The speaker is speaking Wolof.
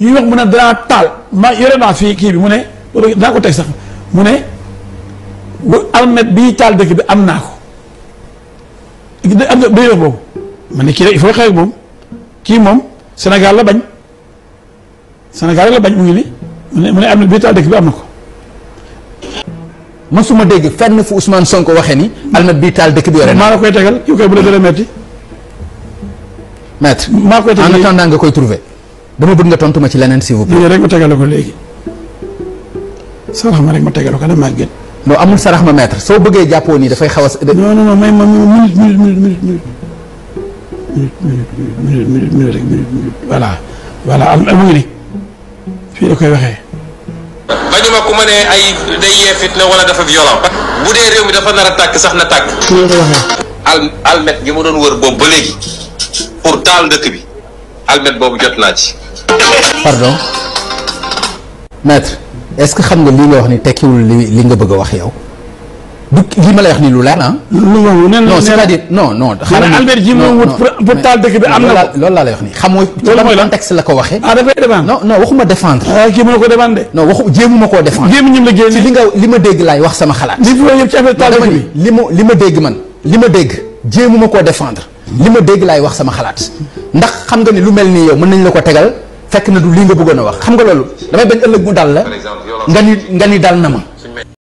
ñuy wax mu ne danaa taal ma yore naa fii kii bi mu ne loolu danaa ko teg sax mu ne bu almet bii taal dëkk bi am naa ko am na bëri wax boobu ma ne kii moom kii moom Sénégal bañ Sénégal bañ mu ngi mu ne am na bii taal bi am na ko. mësuma dégg fenn fu Ousmane Sonko waxee ni. almet bii taal dëkk bi yore na maa la koy tegal yow koy bu la gën a metti maa koy tegal en attendant nga koy trouver. dama bëgg nga tontu ma ci leneen s'il vous plaît. lii rek ma tegale ko léegi. sarax ma rek ma tegale ko la màgget. non amul sarax ma maître soo bëggee jàppoo nii dafay xaw a. non non non may ma minute minute minute minute minute minute minute rek minute minute voilà voilà am mu ngi ni fii la koy waxee. bañu ma ku ma ne ay day yee fitna wala dafa violent. bu dee réew mi dafa nar a tàkk sax na tàkk. fii la koy waxee. al almet gi ma doon wër boobu ba léegi pour taal dëkk bi almet boobu jot naa ci. pardon maître est-ce que xam nga lii nga wax ni tekkiwul li li nga bëgg a wax yow. du li ma lay wax ni lu leer ah. non non c'est-à-dire non non. xaaral Albert ji moom wut taal dëkk bi am na ko. laa lay wax ni xam mooy. loolu mooy lan contexte la ko waxee. ah dafay défendre non non waxuma défendre. ah kii ko défendre. non waxu jéemuma koo défendre. jéem la génne nga li ma dégg laay wax sama xalaat. li ma yëpp ci li ma li ma dégg man. li ma dégg jéemuma koo défendre. li ma dégg wax sama xalaat. ndax xam nga ni lu mel nii yow mën nañ la ko tegal fekk na du lii nga bëggoon a wax xam nga loolu damay bañ ëllëg mu dal la nga ni nga ni dal na ma